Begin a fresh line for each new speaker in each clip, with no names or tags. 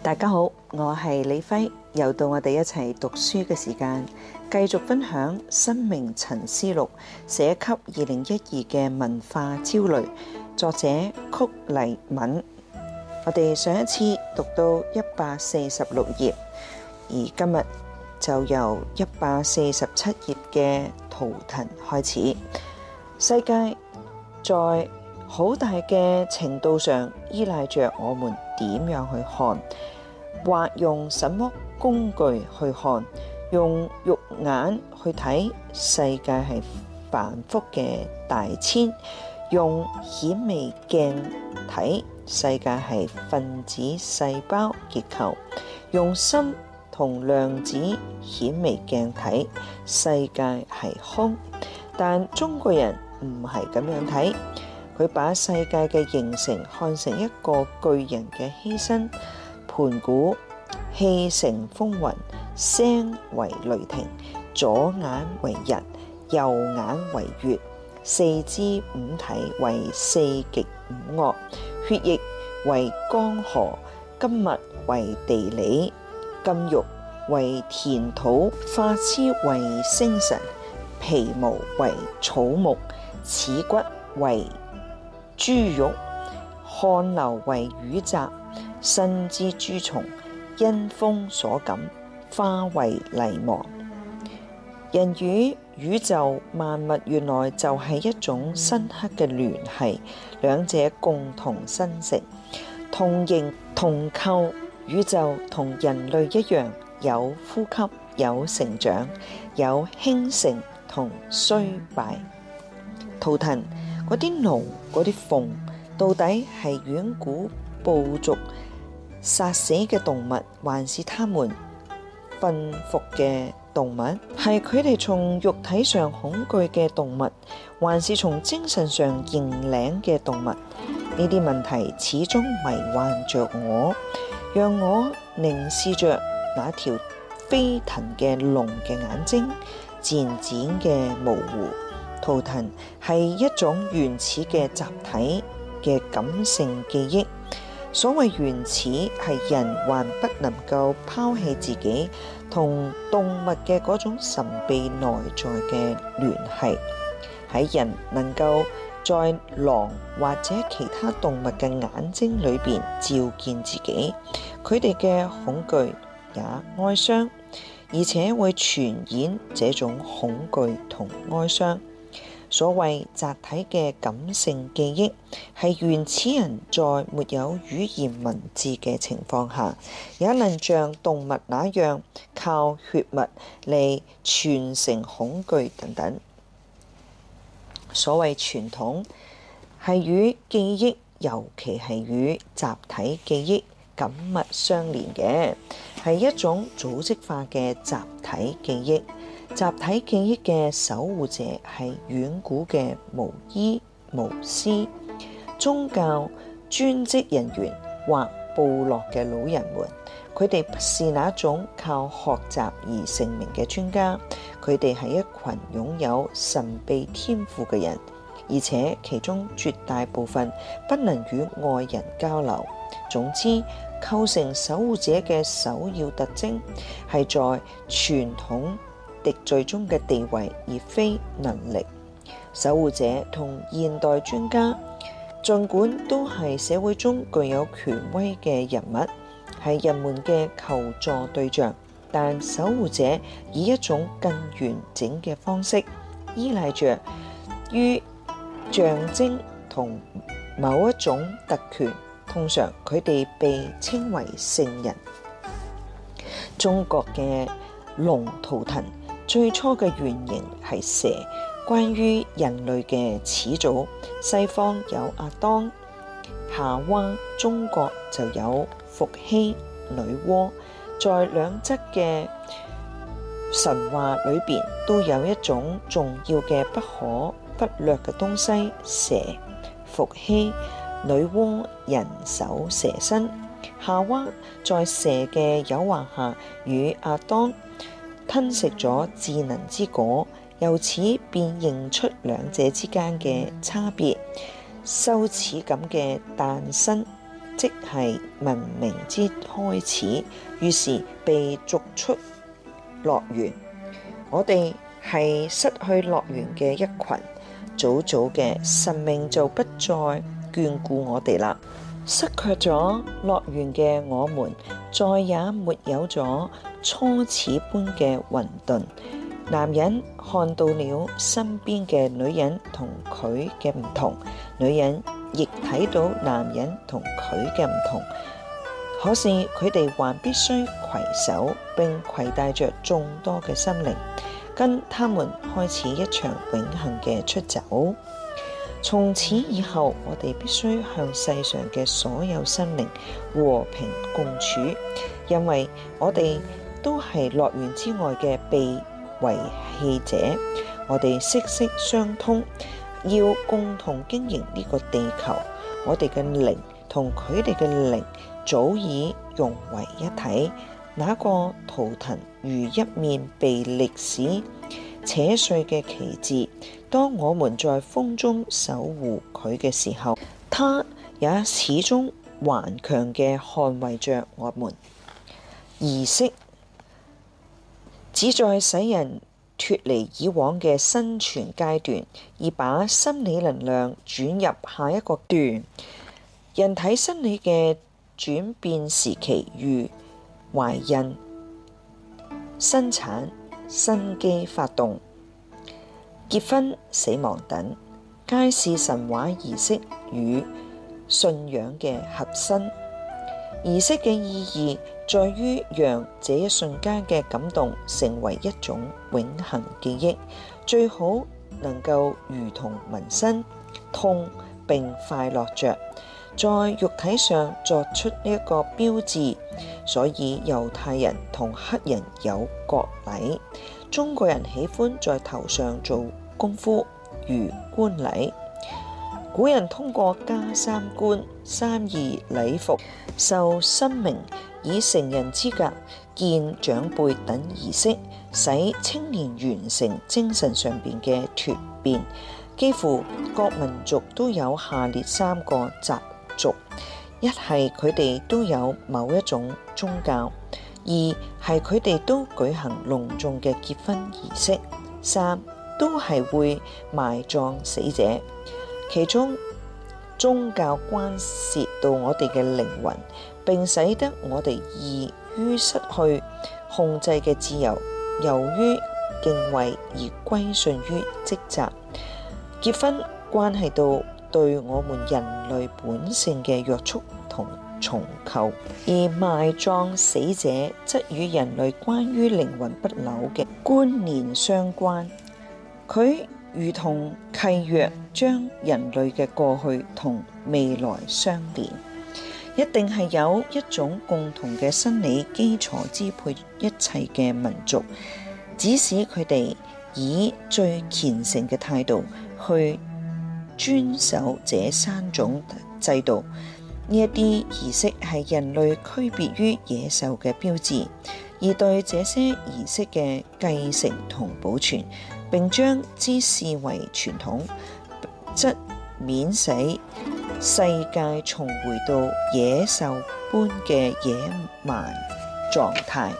大家好，我係李輝，又到我哋一齊讀書嘅時間，繼續分享《生命沉思錄》寫給二零一二嘅文化焦慮，作者曲黎敏。我哋上一次讀到一百四十六頁，而今日就由一百四十七頁嘅圖騰開始。世界在好大嘅程度上依賴着我們。點樣去看，或用什麼工具去看？用肉眼去睇世界係繁複嘅大千；用顯微鏡睇世界係分子細胞結構；用心同量子顯微鏡睇世界係空。但中國人唔係咁樣睇。佢把世界嘅形成看成一個巨人嘅犧牲。盤古氣成風雲，聲為雷霆，左眼為日，右眼為月，四肢五體為四極五岳，血液為江河，金物為地理，金玉為田土，髮髭為星辰，皮毛為草木，齒骨為珠玉汗流為雨澤，身之諸蟲因風所感，化為泥膜。人與宇宙萬物原來就係一種深刻嘅聯繫，兩者共同生成，同形同構。宇宙同人類一樣，有呼吸，有成長，有興盛同衰敗。圖騰。嗰啲龍嗰啲鳳，到底係遠古部族殺死嘅動物，還是他們馴服嘅動物？係佢哋從肉體上恐懼嘅動物，還是從精神上認領嘅動物？呢啲問題始終迷幻着我，讓我凝視着那條飛騰嘅龍嘅眼睛，漸漸嘅模糊。圖騰係一種原始嘅集體嘅感性記憶。所謂原始，係人還不能夠拋棄自己同動物嘅嗰種神秘內在嘅聯繫。喺人能夠在狼或者其他動物嘅眼睛裏邊照見自己，佢哋嘅恐懼也哀傷，而且會傳染這種恐懼同哀傷。所謂集體嘅感性記憶，係原始人在沒有語言文字嘅情況下，也能像動物那樣靠血脈嚟傳承恐懼等等。所謂傳統，係與記憶，尤其係與集體記憶緊密相連嘅，係一種組織化嘅集體記憶。集體記憶嘅守護者係遠古嘅巫醫、巫師、宗教專職人員或部落嘅老人們。佢哋係那種靠學習而成名嘅專家。佢哋係一群擁有神秘天賦嘅人，而且其中絕大部分不能與外人交流。總之，構成守護者嘅首要特徵係在傳統最終嘅地位，而非能力。守護者同現代專家，盡管都係社會中具有權威嘅人物，係人們嘅求助對象，但守護者以一種更完整嘅方式，依賴著於象徵同某一種特權。通常佢哋被稱為聖人。中國嘅龍圖騰。最初嘅原型係蛇。關於人類嘅始祖，西方有亞當、夏娃，中國就有伏羲、女媧。在兩側嘅神話裏邊，都有一種重要嘅不可忽略嘅東西——蛇。伏羲、女媧人首蛇身，夏娃在蛇嘅誘惑下與亞當。吞食咗智能之果，由此便認出兩者之間嘅差別。羞恥感嘅誕生，即係文明之開始。於是被逐出樂園，我哋係失去樂園嘅一群。早早嘅神明就不再眷顧我哋啦。失去咗樂園嘅我們，再也沒有咗。初始般嘅混沌，男人看到了身邊嘅女人同佢嘅唔同，女人亦睇到男人同佢嘅唔同。可是佢哋還必須攜手，並攜帶着眾多嘅心靈，跟他們開始一場永恆嘅出走。從此以後，我哋必須向世上嘅所有心靈和平共處，因為我哋。都係樂園之外嘅被遺棄者，我哋息息相通，要共同經營呢個地球。我哋嘅靈同佢哋嘅靈早已融為一體。那個圖騰如一面被歷史扯碎嘅旗幟，當我們在風中守護佢嘅時候，它也始終頑強嘅捍衞着我們儀式。旨在使人脫離以往嘅生存階段，而把心理能量轉入下一個段。人體生理嘅轉變時期，如懷孕、生產、生機發動、結婚、死亡等，皆是神話儀式與信仰嘅核心。儀式嘅意義，在於讓這一瞬間嘅感動成為一種永恆記憶，最好能夠如同紋身，痛並快樂著，在肉體上作出呢一個標誌。所以猶太人同黑人有割禮，中國人喜歡在頭上做功夫，如冠禮。古人通過加三冠、三衣、禮服，受新名。以成人資格見長輩等儀式，使青年完成精神上面嘅脱變。幾乎各民族都有下列三個習俗：一係佢哋都有某一種宗教；二係佢哋都舉行隆重嘅結婚儀式；三都係會埋葬死者。其中宗教關涉到我哋嘅靈魂。並使得我哋易於失去控制嘅自由，由於敬畏而歸順於職責。結婚關係到對我們人類本性嘅約束同重構，而埋葬死者則與人類關於靈魂不朽嘅觀念相關。佢如同契約，將人類嘅過去同未來相連。一定係有一種共同嘅生理基礎支配一切嘅民族，指使佢哋以最虔誠嘅態度去遵守這三種制度，呢一啲儀式係人類區別於野獸嘅標誌。而對這些儀式嘅繼承同保存，並將之視為傳統，則免死。世界重回到野獸般嘅野蠻狀態。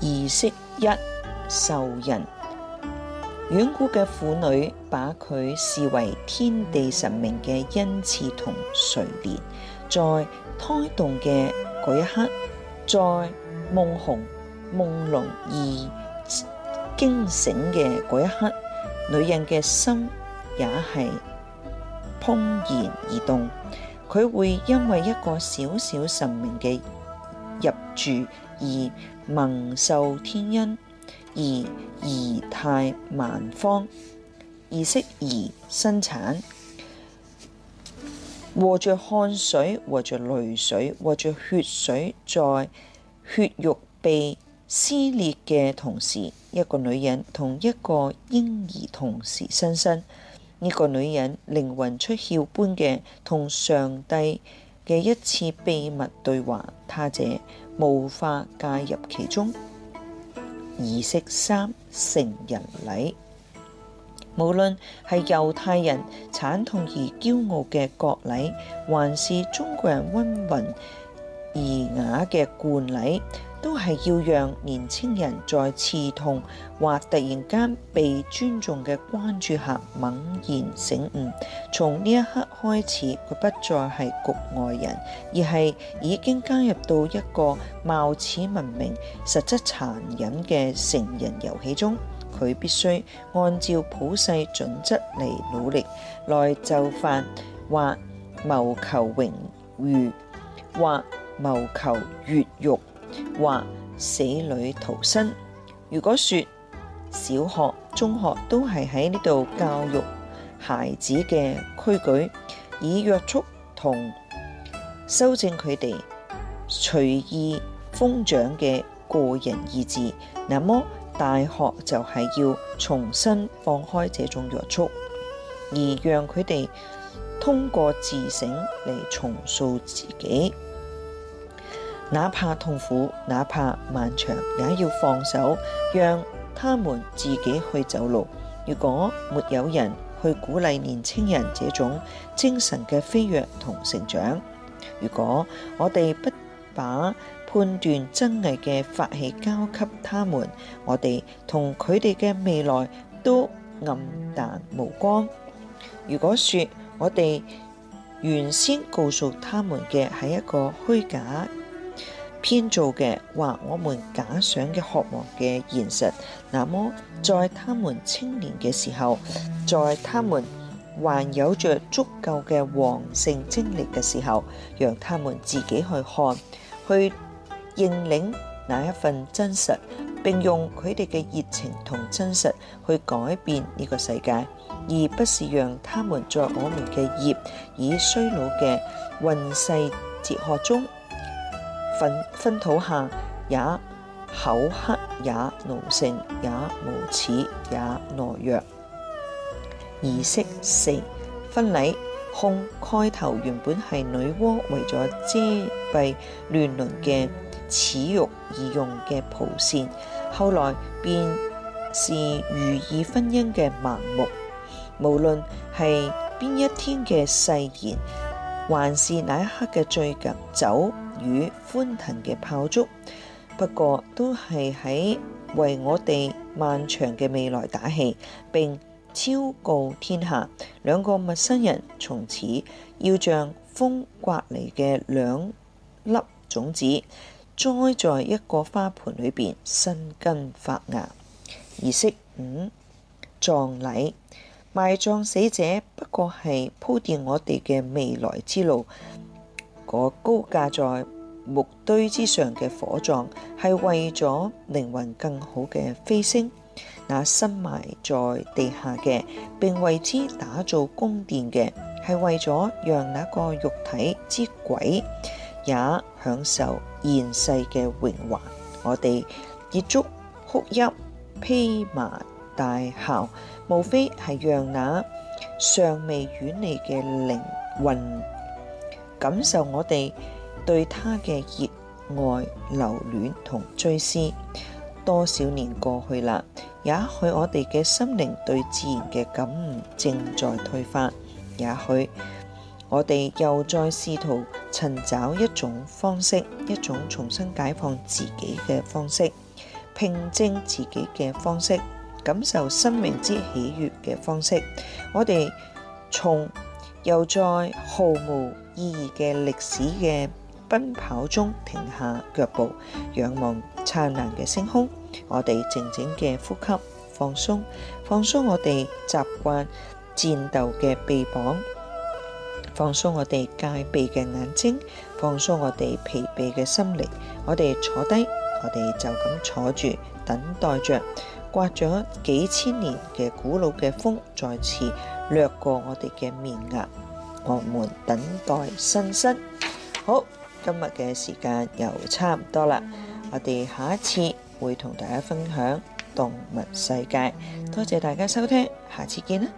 儀式一受孕，遠古嘅婦女把佢視為天地神明嘅恩賜同垂憐。在胎動嘅嗰一刻，在夢熊夢龍而驚醒嘅嗰一刻，女人嘅心也係空然而動，佢會因為一個小小神明嘅入住而蒙受天恩，而儀態萬方，而適宜生產，和着汗水和着淚水和着血水，在血肉被撕裂嘅同時，一個女人同一個嬰兒同時新生。呢個女人靈魂出竅般嘅同上帝嘅一次秘密對話，他者無法介入其中。儀式三，成人禮。無論係猶太人慘痛而驕傲嘅國禮，還是中國人溫文爾雅嘅冠禮。都係要讓年青人在刺痛或突然間被尊重嘅關注下猛然醒悟。從呢一刻開始，佢不再係局外人，而係已經加入到一個貌似文明、實質殘忍嘅成人遊戲中。佢必須按照普世準則嚟努力，來就範，或謀求榮譽，或謀求越獄。或死裏逃生。如果說小學、中學都係喺呢度教育孩子嘅規矩，以約束同修正佢哋隨意瘋長嘅個人意志，那麼大學就係要重新放開這種約束，而讓佢哋通過自省嚟重塑自己。哪怕痛苦，哪怕漫長，也要放手，讓他們自己去走路。如果沒有人去鼓勵年輕人這種精神嘅飛躍同成長，如果我哋不把判斷真偽嘅法器交給他們，我哋同佢哋嘅未來都暗淡無光。如果說我哋原先告訴他們嘅，係一個虛假，編造嘅或我們假想嘅渴望嘅現實，那麼在他們青年嘅時候，在他們還有著足夠嘅旺盛精力嘅時候，讓他們自己去看，去認領那一份真實，並用佢哋嘅熱情同真實去改變呢個世界，而不是讓他們在我們嘅業已衰老嘅運勢哲學中。分分土下也口黑也奴性也無恥也懦弱。儀式四，婚禮，紅蓋頭原本係女媧為咗遮蔽亂倫嘅恥辱而用嘅蒲扇，後來便是寓意婚姻嘅盲目。無論係邊一天嘅誓言，還是那一刻嘅醉及酒，與歡騰嘅炮竹，不過都係喺為我哋漫長嘅未來打氣，並昭告天下，兩個陌生人從此要像風颳嚟嘅兩粒種子，栽在一個花盆裏面生根發芽。儀式五，葬禮，埋葬死者，不過係鋪墊我哋嘅未來之路。我高架在木堆之上嘅火葬，係為咗靈魂更好嘅飛升；那深埋在地下嘅，並為之打造宮殿嘅，係為咗讓那個肉體之鬼也享受現世嘅榮華。我哋熱燭哭泣、披麻戴孝，無非係讓那尚未遠離嘅靈魂。感受我哋對他嘅熱愛、留戀同追思。多少年過去啦，也許我哋嘅心靈對自然嘅感悟正在退化，也許我哋又再試圖尋找一種方式，一種重新解放自己嘅方式，平靜自己嘅方式，感受生命之喜悅嘅方式。我哋從又再毫無意義嘅歷史嘅奔跑中停下腳步，仰望燦爛嘅星空。我哋靜靜嘅呼吸，放鬆，放鬆我哋習慣戰鬥嘅臂膀，放鬆我哋戒備嘅眼睛，放鬆我哋疲憊嘅心靈。我哋坐低，我哋就咁坐住，等待着刮咗幾千年嘅古老嘅風，再次掠過我哋嘅面額。我們等待新生。好，今日嘅時間又差唔多啦，我哋下一次會同大家分享動物世界。多謝大家收聽，下次見啦。